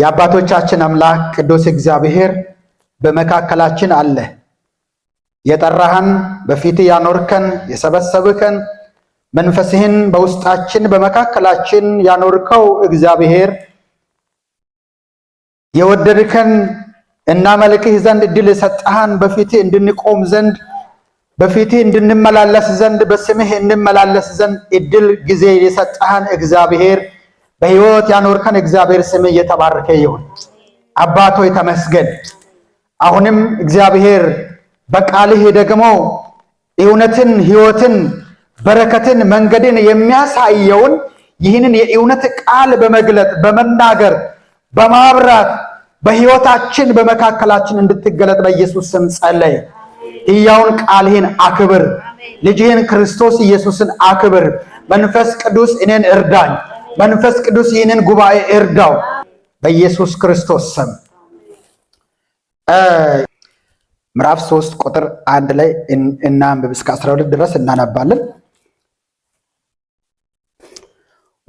የአባቶቻችን አምላክ ቅዱስ እግዚአብሔር በመካከላችን አለ። የጠራህን በፊት ያኖርከን የሰበሰብከን መንፈስህን በውስጣችን በመካከላችን ያኖርከው እግዚአብሔር የወደድከን መልክህ ዘንድ እድል የሰጠህን በፊት እንድንቆም ዘንድ በፊት እንድንመላለስ ዘንድ በስምህ እንመላለስ ዘንድ እድል ጊዜ የሰጠህን እግዚአብሔር በህይወት ያኖርከን እግዚአብሔር ስም እየተባረከ ይሁን። አባቶ ተመስገን። አሁንም እግዚአብሔር በቃልህ ደግሞ እውነትን፣ ህይወትን፣ በረከትን፣ መንገድን የሚያሳየውን ይህንን የእውነት ቃል በመግለጥ በመናገር በማብራት በህይወታችን በመካከላችን እንድትገለጥ በኢየሱስ ስም ጸለይ። ሕያውን ቃልህን አክብር። ልጅህን ክርስቶስ ኢየሱስን አክብር። መንፈስ ቅዱስ እኔን እርዳኝ መንፈስ ቅዱስ ይህንን ጉባኤ እርዳው በኢየሱስ ክርስቶስ ስም። ምዕራፍ ሶስት ቁጥር አንድ ላይ እናንብብ እስከ 12 ድረስ እናነባለን።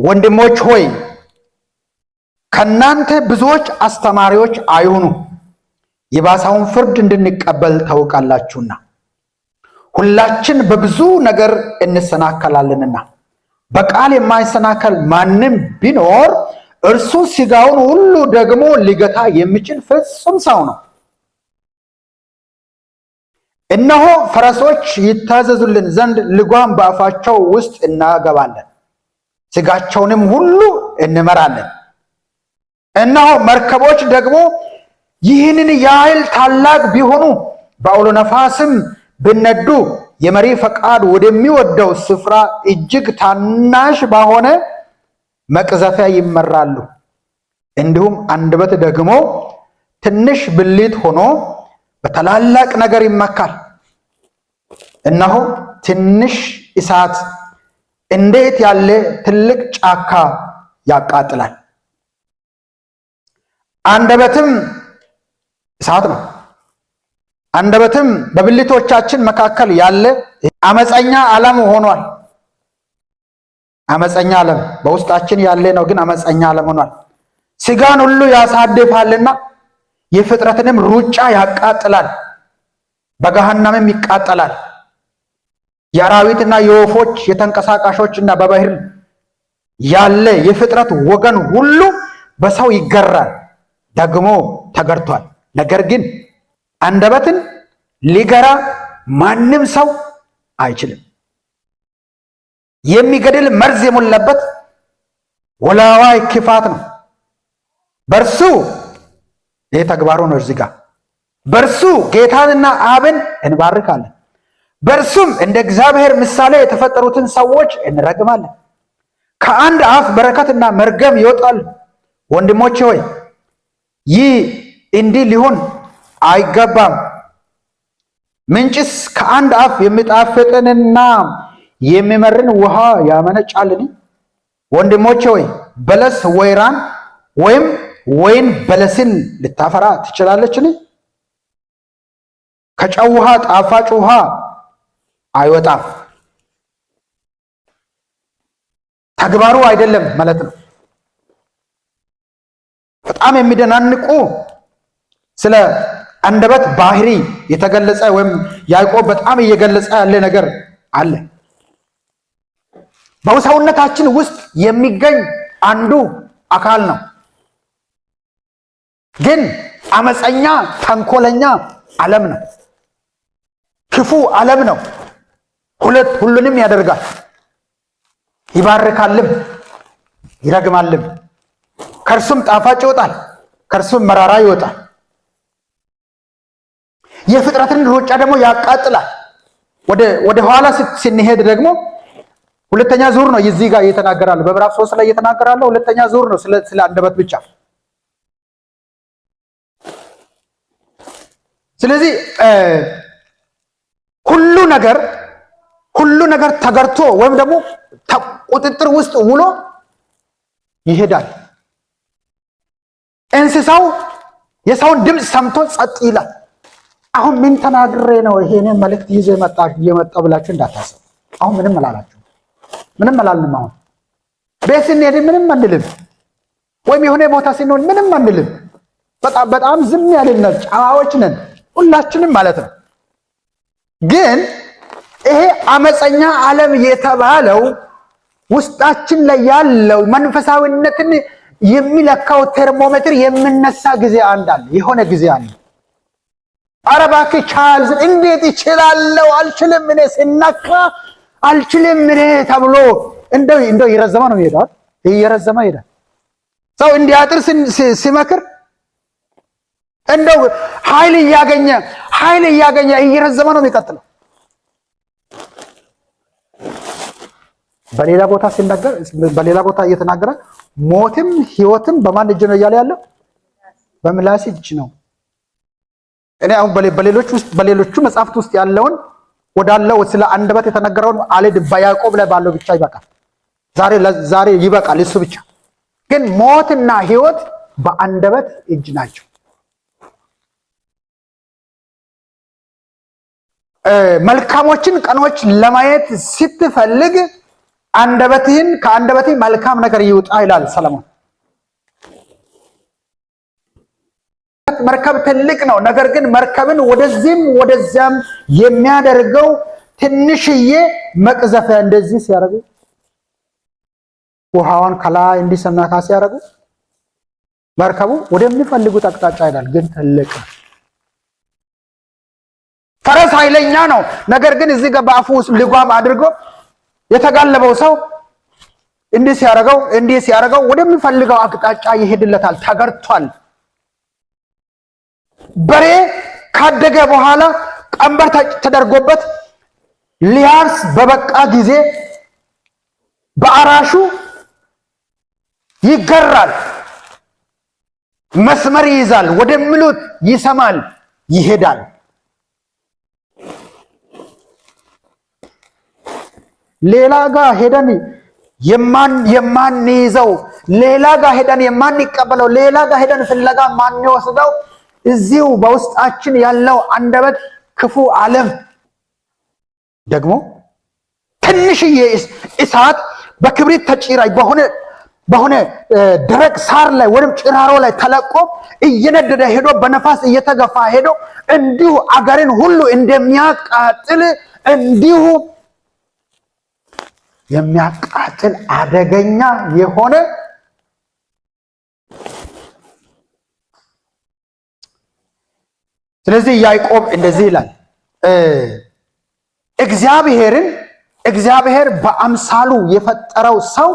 ወንድሞች ሆይ ከእናንተ ብዙዎች አስተማሪዎች አይሁኑ፣ የባሳውን ፍርድ እንድንቀበል ታውቃላችሁና፣ ሁላችን በብዙ ነገር እንሰናከላለንና በቃል የማይሰናከል ማንም ቢኖር እርሱ ስጋውን ሁሉ ደግሞ ሊገታ የሚችል ፍጹም ሰው ነው። እነሆ ፈረሶች ይታዘዙልን ዘንድ ልጓም በአፋቸው ውስጥ እናገባለን፣ ስጋቸውንም ሁሉ እንመራለን። እነሆ መርከቦች ደግሞ ይህንን ያህል ታላቅ ቢሆኑ በአውሎ ነፋስም ብነዱ የመሪ ፈቃድ ወደሚወደው ስፍራ እጅግ ታናሽ በሆነ መቅዘፊያ ይመራሉ። እንዲሁም አንደበት ደግሞ ትንሽ ብልት ሆኖ በታላላቅ ነገር ይመካል። እነሆ ትንሽ እሳት እንዴት ያለ ትልቅ ጫካ ያቃጥላል። አንደበትም እሳት ነው። አንደበትም በብልቶቻችን መካከል ያለ አመፀኛ ዓለም ሆኗል። አመፀኛ ዓለም በውስጣችን ያለ ነው፣ ግን አመፀኛ ዓለም ሆኗል። ስጋን ሁሉ ያሳድፋልና የፍጥረትንም ሩጫ ያቃጥላል፣ በገሃነምም ይቃጠላል። የአራዊትና የወፎች የተንቀሳቃሾችና በባህር ያለ የፍጥረት ወገን ሁሉ በሰው ይገራል፣ ደግሞ ተገርቷል። ነገር ግን አንደበትን ሊገራ ማንም ሰው አይችልም። የሚገድል መርዝ የሞላበት ወላዋይ ክፋት ነው። በርሱ ይህ ተግባሩ ነው። እዚህ ጋር በርሱ ጌታንና አብን እንባርካለን፣ በርሱም እንደ እግዚአብሔር ምሳሌ የተፈጠሩትን ሰዎች እንረግማለን። ከአንድ አፍ በረከትና መርገም ይወጣሉ። ወንድሞቼ ሆይ ይህ እንዲህ ሊሆን አይገባም። ምንጭስ ከአንድ አፍ የሚጣፍጥንና የሚመርን ውሃ ያመነጫልን? ወንድሞቼ ሆይ በለስ ወይራን ወይም ወይን በለስን ልታፈራ ትችላለችን? ከጨው ውሃ ጣፋጭ ውሃ አይወጣም። ተግባሩ አይደለም ማለት ነው። በጣም የሚደናንቁ ስለ አንደበት ባህሪ የተገለጸ ወይም ያዕቆብ በጣም እየገለጸ ያለ ነገር አለ። በሰውነታችን ውስጥ የሚገኝ አንዱ አካል ነው። ግን አመፀኛ ተንኮለኛ ዓለም ነው። ክፉ ዓለም ነው። ሁለት ሁሉንም ያደርጋል። ይባርካልም ይረግማልም። ከእርሱም ጣፋጭ ይወጣል፣ ከእርሱም መራራ ይወጣል። የፍጥረትን ሩጫ ደግሞ ያቃጥላል። ወደ ኋላ ስንሄድ ደግሞ ሁለተኛ ዙር ነው። እዚህ ጋር እየተናገራለሁ በምዕራፍ ሶስት ላይ እየተናገራለሁ። ሁለተኛ ዙር ነው ስለ አንደበት ብቻ። ስለዚህ ሁሉ ነገር ሁሉ ነገር ተገርቶ ወይም ደግሞ ቁጥጥር ውስጥ ውሎ ይሄዳል። እንስሳው የሰውን ድምፅ ሰምቶ ጸጥ ይላል። አሁን ምን ተናግሬ ነው ይሄን መልእክት ይዞ የመጣ እየመጣ ብላችሁ እንዳታስቡ። አሁን ምንም እላላችሁ ምንም እላልንም። አሁን ቤት ስንሄድ ምንም አንልም፣ ወይም የሆነ ቦታ ስንሆን ምንም አንልም። በጣም በጣም ዝም ያልን ጨዋዎች ነን ሁላችንም ማለት ነው። ግን ይሄ አመፀኛ ዓለም የተባለው ውስጣችን ላይ ያለው መንፈሳዊነትን የሚለካው ቴርሞሜትር የሚነሳ ጊዜ አንድ አለ፣ የሆነ ጊዜ አለ። አረባክ እባክህ ቻል። እንዴት ይችላለው? አልችልም እኔ ሲናካ አልችልም እኔ ተብሎ እንደው እንደው እየረዘመ ነው ይሄዳል፣ እየረዘመ ይሄዳል። ሰው እንዲያጥር ሲመክር እንደው ኃይል እያገኘ ኃይል እያገኘ እየረዘመ ነው የሚቀጥለው። በሌላ ቦታ ሲነገር በሌላ ቦታ እየተናገረ ሞትም ህይወትም በማን እጅ ነው እያለ ያለው በምላስ እጅ ነው። እኔ አሁን በሌሎች ውስጥ በሌሎቹ መጽሐፍት ውስጥ ያለውን ወዳለው ስለ አንደበት የተነገረውን አልሄድም። በያዕቆብ ላይ ባለው ብቻ ይበቃል። ዛሬ ዛሬ ይበቃል እሱ ብቻ። ግን ሞትና ህይወት በአንደበት እጅ ናቸው። መልካሞችን ቀኖች ለማየት ስትፈልግ አንደበትህን ከአንደበትህ መልካም ነገር ይውጣ ይላል ሰለሞን። መርከብ ትልቅ ነው። ነገር ግን መርከብን ወደዚህም ወደዚያም የሚያደርገው ትንሽዬ መቅዘፊያ እንደዚህ ሲያደርጉ ውሃዋን ከላይ እንዲሰናካ ሲያደርጉ መርከቡ ወደሚፈልጉት አቅጣጫ ይላል። ግን ትልቅ ፈረስ ኃይለኛ ነው። ነገር ግን እዚህ ጋር በአፉ ውስጥ ልጓም አድርጎ የተጋለበው ሰው እንዲህ ሲያደርገው እንዲህ ሲያደርገው ወደሚፈልገው አቅጣጫ ይሄድለታል። ተገርቷል። በሬ ካደገ በኋላ ቀንበር ተደርጎበት ሊያርስ በበቃ ጊዜ በአራሹ ይገራል፣ መስመር ይይዛል፣ ወደሚሉት ይሰማል፣ ይሄዳል። ሌላ ጋ ሄደን የማንይዘው ሌላ ጋ ሄደን የማንቀበለው ሌላ ጋ ሄደን ፍለጋ ማንወስደው እዚሁ በውስጣችን ያለው አንደበት ክፉ ዓለም ደግሞ ትንሽዬ እሳት በክብሪት ተጭራይ በሆነ በሆነ ደረቅ ሳር ላይ ወይም ጭራሮ ላይ ተለቆ እየነደደ ሄዶ በነፋስ እየተገፋ ሄዶ እንዲሁ አገርን ሁሉ እንደሚያቃጥል እንዲሁ የሚያቃጥል አደገኛ የሆነ ስለዚህ ያዕቆብ እንደዚህ ይላል፣ እግዚአብሔርን እግዚአብሔር በአምሳሉ የፈጠረው ሰው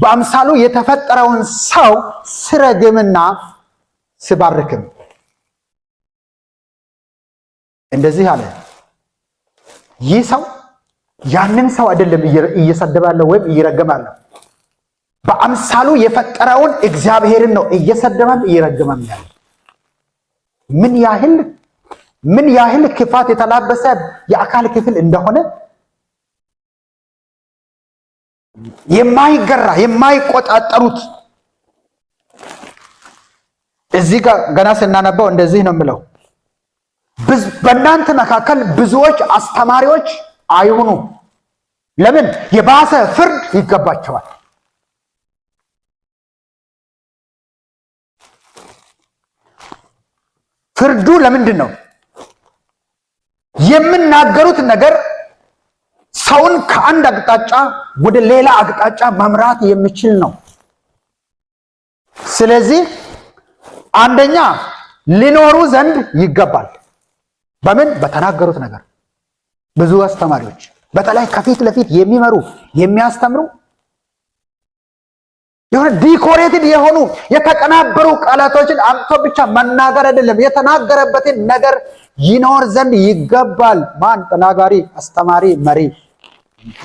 በአምሳሉ የተፈጠረውን ሰው ስረግምና ስባርክም እንደዚህ አለ። ይህ ሰው ያንን ሰው አይደለም እየሰደባለሁ ወይም እየረገማለሁ በአምሳሉ የፈጠረውን እግዚአብሔርን ነው እየሰደባም እየረገማም ያለው ምን ያህል ምን ያህል ክፋት የተላበሰ የአካል ክፍል እንደሆነ የማይገራ የማይቆጣጠሩት እዚህ ጋር ገና ስናነባው እንደዚህ ነው የምለው። በእናንተ መካከል ብዙዎች አስተማሪዎች አይሁኑ። ለምን? የባሰ ፍርድ ይገባቸዋል። ፍርዱ ለምንድን ነው? የምናገሩት ነገር ሰውን ከአንድ አቅጣጫ ወደ ሌላ አቅጣጫ መምራት የሚችል ነው። ስለዚህ አንደኛ ሊኖሩ ዘንድ ይገባል። በምን በተናገሩት ነገር። ብዙ አስተማሪዎች በተለይ ከፊት ለፊት የሚመሩ የሚያስተምሩ የሆነ ዲኮሬትድ የሆኑ የተቀናበሩ ቃላቶችን አምጥቶ ብቻ መናገር አይደለም፣ የተናገረበትን ነገር ይኖር ዘንድ ይገባል። ማን? ተናጋሪ፣ አስተማሪ፣ መሪ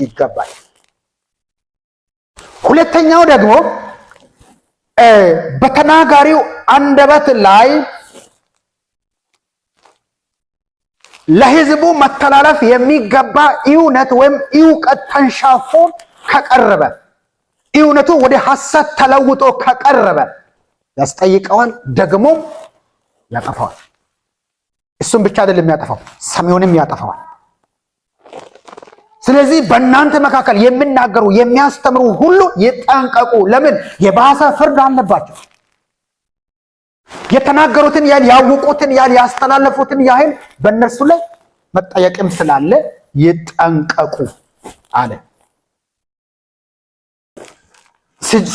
ይገባል። ሁለተኛው ደግሞ በተናጋሪው አንደበት ላይ ለሕዝቡ መተላለፍ የሚገባ እውነት ወይም እውቀት ተንሻፎ ከቀረበ እውነቱ ወደ ሐሰት ተለውጦ ከቀረበ ያስጠይቀዋል፣ ደግሞ ያጠፋዋል። እሱም ብቻ አይደለም የሚያጠፋው፣ ሰሚውንም ያጠፋዋል። ስለዚህ በእናንተ መካከል የሚናገሩ የሚያስተምሩ ሁሉ ይጠንቀቁ። ለምን? የባሰ ፍርድ አለባቸው። የተናገሩትን ያህል ያወቁትን ያህል ያስተላለፉትን ያህል በእነርሱ ላይ መጠየቅም ስላለ ይጠንቀቁ አለ።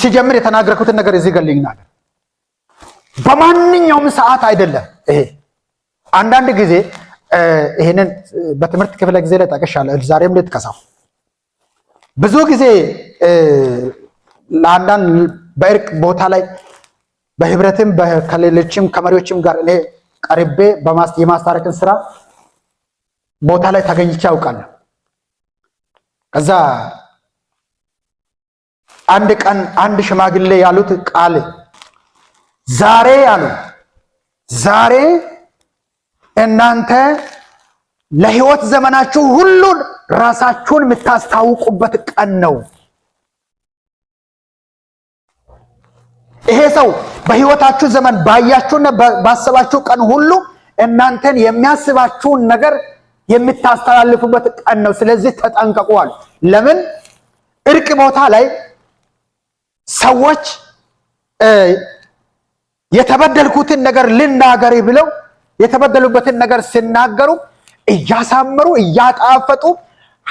ሲጀምር የተናገርኩትን ነገር እዚህ ገልኝ ናገር በማንኛውም ሰዓት አይደለም ይሄ አንዳንድ ጊዜ ይህንን በትምህርት ክፍለ ጊዜ ላይ ጠቅሻለሁ፣ ዛሬም ልጥቀሰው። ብዙ ጊዜ ለአንዳንድ በእርቅ ቦታ ላይ በህብረትም ከሌሎችም ከመሪዎችም ጋር እኔ ቀርቤ የማስታረቅን ስራ ቦታ ላይ ተገኝቼ ያውቃለሁ። ከዛ አንድ ቀን አንድ ሽማግሌ ያሉት ቃል ዛሬ አሉ ዛሬ እናንተ ለህይወት ዘመናችሁ ሁሉን ራሳችሁን የምታስታውቁበት ቀን ነው። ይሄ ሰው በህይወታችሁ ዘመን ባያችሁና ባሰባችሁ ቀን ሁሉ እናንተን የሚያስባችሁን ነገር የምታስተላልፉበት ቀን ነው። ስለዚህ ተጠንቀቁዋል። ለምን እርቅ ቦታ ላይ ሰዎች የተበደልኩትን ነገር ልናገር ብለው የተበደሉበትን ነገር ሲናገሩ እያሳመሩ እያጣፈጡ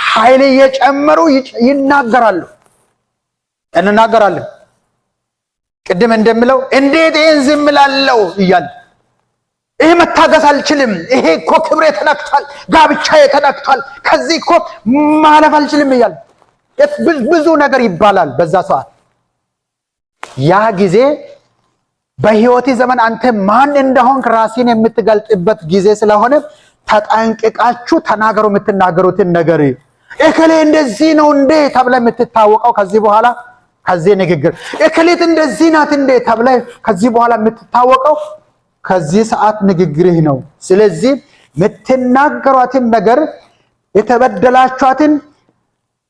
ኃይል እየጨመሩ ይናገራሉ እንናገራለን። ቅድም እንደምለው እንዴት ይህን ዝም እላለሁ ይሄ መታገስ አልችልም። ይሄ እኮ ክብሬ ተነክቷል፣ ጋብቻ ተነክቷል፣ ከዚህ እኮ ማለፍ አልችልም እያለ ብዙ ነገር ይባላል በዛ ሰዓት ያ ጊዜ በህይወቴ ዘመን አንተ ማን እንደሆንክ ራሴን የምትገልጥበት ጊዜ ስለሆነ ተጠንቅቃችሁ ተናገሩ። የምትናገሩትን ነገር እክሌ እንደዚህ ነው እንዴ ተብለ የምትታወቀው ከዚህ በኋላ ከዚህ ንግግር እክሌት እንደዚህ ናት እንዴ ተብለ ከዚህ በኋላ የምትታወቀው ከዚህ ሰዓት ንግግርህ ነው። ስለዚህ የምትናገሯትን ነገር የተበደላችኋትን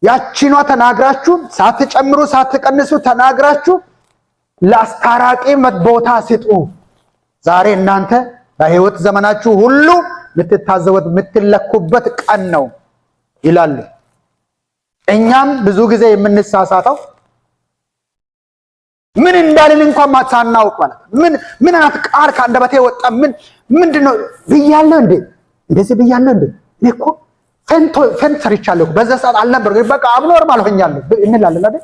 ያቺኗ ተናግራችሁ ሳትጨምሩ ሳትቀንሱ ተናግራችሁ ለአስታራቂ ቦታ ስጡ። ዛሬ እናንተ በህይወት ዘመናችሁ ሁሉ የምትታዘቡት የምትለኩበት ቀን ነው ይላሉ። እኛም ብዙ ጊዜ የምንሳሳተው ምን እንዳልን እንኳን ሳናውቅ ማለት ምን ምን አይነት ቃል ከአንደበቴ ወጣ? ምን ምንድነው ብያለሁ እንዴ? እንደዚህ ብያለሁ እንዴ? እኔ እኮ ፈንቶ ፈንት ሰርቻለሁ በዛ ሰዓት አልነበረ በቃ አብኖርማል ሆኛለሁ እንላለን አይደል?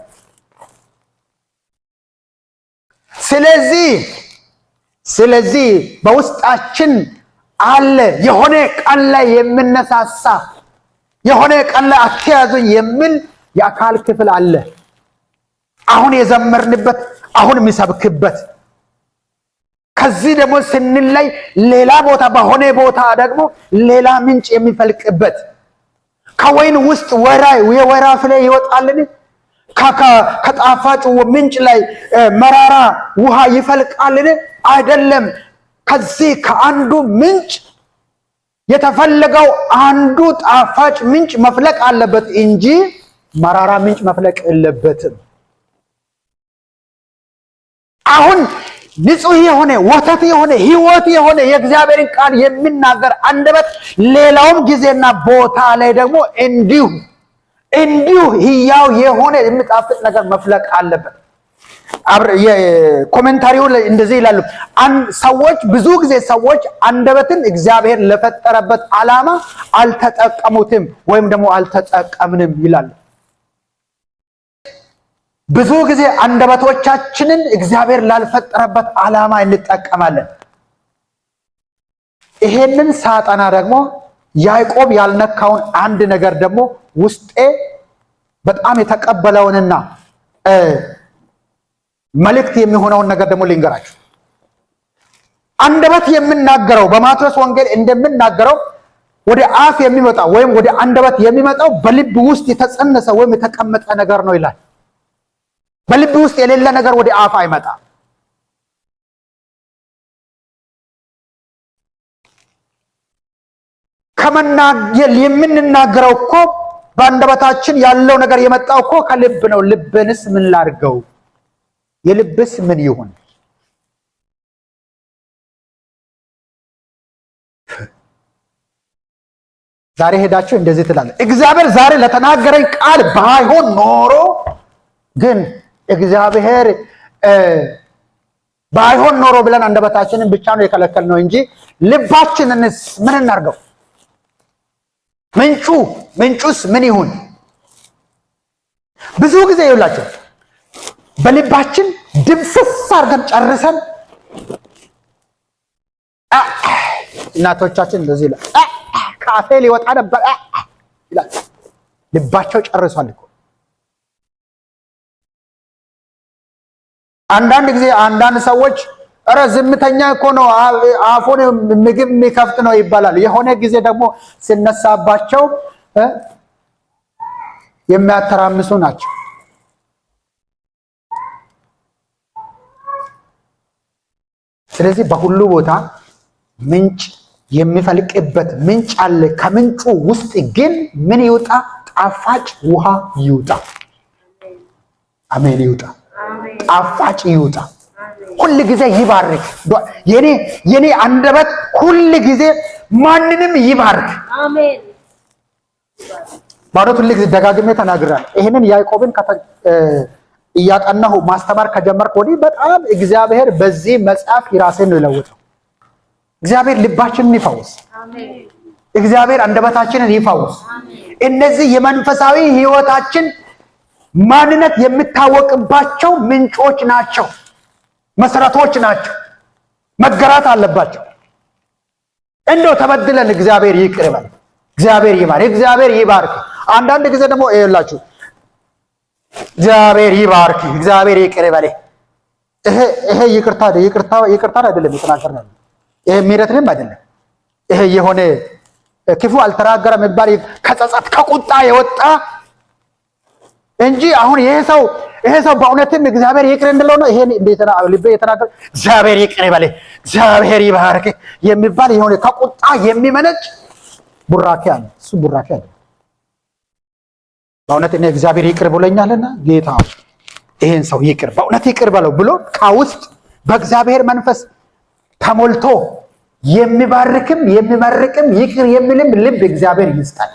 ስለዚህ ስለዚህ በውስጣችን አለ የሆነ ቀን ላይ የምነሳሳ የሆነ ቀን ላይ አትያዙኝ የሚል የአካል ክፍል አለ። አሁን የዘመርንበት አሁን የሚሰብክበት ከዚህ ደግሞ ስንለይ ሌላ ቦታ በሆነ ቦታ ደግሞ ሌላ ምንጭ የሚፈልቅበት ከወይን ውስጥ ወራ የወራ ፍሬ ይወጣልን? ከጣፋጩ ምንጭ ላይ መራራ ውሃ ይፈልቃልን? አይደለም። ከዚህ ከአንዱ ምንጭ የተፈለገው አንዱ ጣፋጭ ምንጭ መፍለቅ አለበት እንጂ መራራ ምንጭ መፍለቅ የለበትም። አሁን ንጹህ የሆነ ወተት የሆነ ህይወት የሆነ የእግዚአብሔርን ቃል የሚናገር አንደበት ሌላውም ጊዜና ቦታ ላይ ደግሞ እንዲሁ እንዲሁ ህያው የሆነ የሚጣፍጥ ነገር መፍለቅ አለበት። ኮሜንታሪው እንደዚህ ይላሉ። ሰዎች ብዙ ጊዜ ሰዎች አንደበትን እግዚአብሔር ለፈጠረበት ዓላማ አልተጠቀሙትም ወይም ደግሞ አልተጠቀምንም ይላሉ። ብዙ ጊዜ አንደበቶቻችንን እግዚአብሔር ላልፈጠረበት ዓላማ እንጠቀማለን። ይሄንን ሳጠና ደግሞ ያዕቆብ ያልነካውን አንድ ነገር ደግሞ ውስጤ በጣም የተቀበለውንና መልእክት የሚሆነውን ነገር ደግሞ ልንገራችሁ። አንደበት የምናገረው በማቴዎስ ወንጌል እንደምናገረው ወደ አፍ የሚመጣው ወይም ወደ አንደበት የሚመጣው በልብ ውስጥ የተጸነሰ ወይም የተቀመጠ ነገር ነው ይላል። በልብ ውስጥ የሌለ ነገር ወደ አፍ አይመጣም። ከመናገል የምንናገረው እኮ በአንደበታችን ያለው ነገር የመጣው እኮ ከልብ ነው። ልብንስ ምን ላድርገው? የልብስ ምን ይሁን? ዛሬ ሄዳችሁ እንደዚህ ትላለ። እግዚአብሔር ዛሬ ለተናገረኝ ቃል ባይሆን ኖሮ ግን እግዚአብሔር ባይሆን ኖሮ ብለን አንደበታችንን ብቻ ነው የከለከል ነው እንጂ ልባችንንስ ምን እናርገው? ምንጩ ምንጩስ ምን ይሁን? ብዙ ጊዜ ይውላቸው በልባችን ድምስስ አርገን ጨርሰን እናቶቻችን እንደዚህ ይላል። ካፌ ሊወጣ ነበር ይላል። ልባቸው ጨርሷል እኮ። አንዳንድ ጊዜ አንዳንድ ሰዎች እረ ዝምተኛ እኮ ነው፣ አፉን ምግብ የሚከፍት ነው ይባላል። የሆነ ጊዜ ደግሞ ሲነሳባቸው የሚያተራምሱ ናቸው። ስለዚህ በሁሉ ቦታ ምንጭ የሚፈልቅበት ምንጭ አለ። ከምንጩ ውስጥ ግን ምን ይውጣ? ጣፋጭ ውሃ ይውጣ። አሜን። ይውጣ፣ ጣፋጭ ይውጣ። ሁል ጊዜ ይባርክ። የኔ የኔ አንደበት ሁል ጊዜ ማንንም ይባርክ። አሜን ማለት ሁል ጊዜ ደጋግሜ ተናግራለሁ። ይሄንን ያዕቆብን እያጠናሁ ማስተማር ከጀመርክ ወዲህ በጣም እግዚአብሔር በዚህ መጽሐፍ ነው ይለውጠው። እግዚአብሔር ልባችንን ይፈውስ። እግዚአብሔር አንደበታችንን ይፈውስ። እነዚህ የመንፈሳዊ ህይወታችን ማንነት የምታወቅባቸው ምንጮች ናቸው። መሰረቶች ናቸው። መገራት አለባቸው። እንደው ተበድለን እግዚአብሔር ይቅር ይበል፣ እግዚአብሔር ይባር፣ እግዚአብሔር ይባርክ። አንዳንድ ጊዜ ደግሞ ይኸውላችሁ እግዚአብሔር ይባርክ፣ እግዚአብሔር ይቅር ይበል። ይሄ ይሄ ይቅርታ ይቅርታ ይቅርታ አይደለም የተናገርነው ይሄ ምሕረትንም አይደለም። ይሄ የሆነ ክፉ አልተናገረም የሚባል ከጸጸት ከቁጣ የወጣ እንጂ አሁን ይሄ ሰው ይሄ ሰው በእውነትም እግዚአብሔር ይቅር እንደለው ነው። ይሄን እንዴት ልቤ የተናገረ እግዚአብሔር ይቅር ይበልህ፣ እግዚአብሔር ይባርክ የሚባል የሆነ ከቁጣ የሚመነጭ ቡራኬ አለ። እሱ ቡራኬ አለ። በእውነት እኔ እግዚአብሔር ይቅር ብሎኛልና ጌታ ይሄን ሰው ይቅር በእውነት ይቅር በለው ብሎ ከውስጥ በእግዚአብሔር መንፈስ ተሞልቶ የሚባርክም የሚመርቅም ይቅር የሚልም ልብ እግዚአብሔር ይስጣል።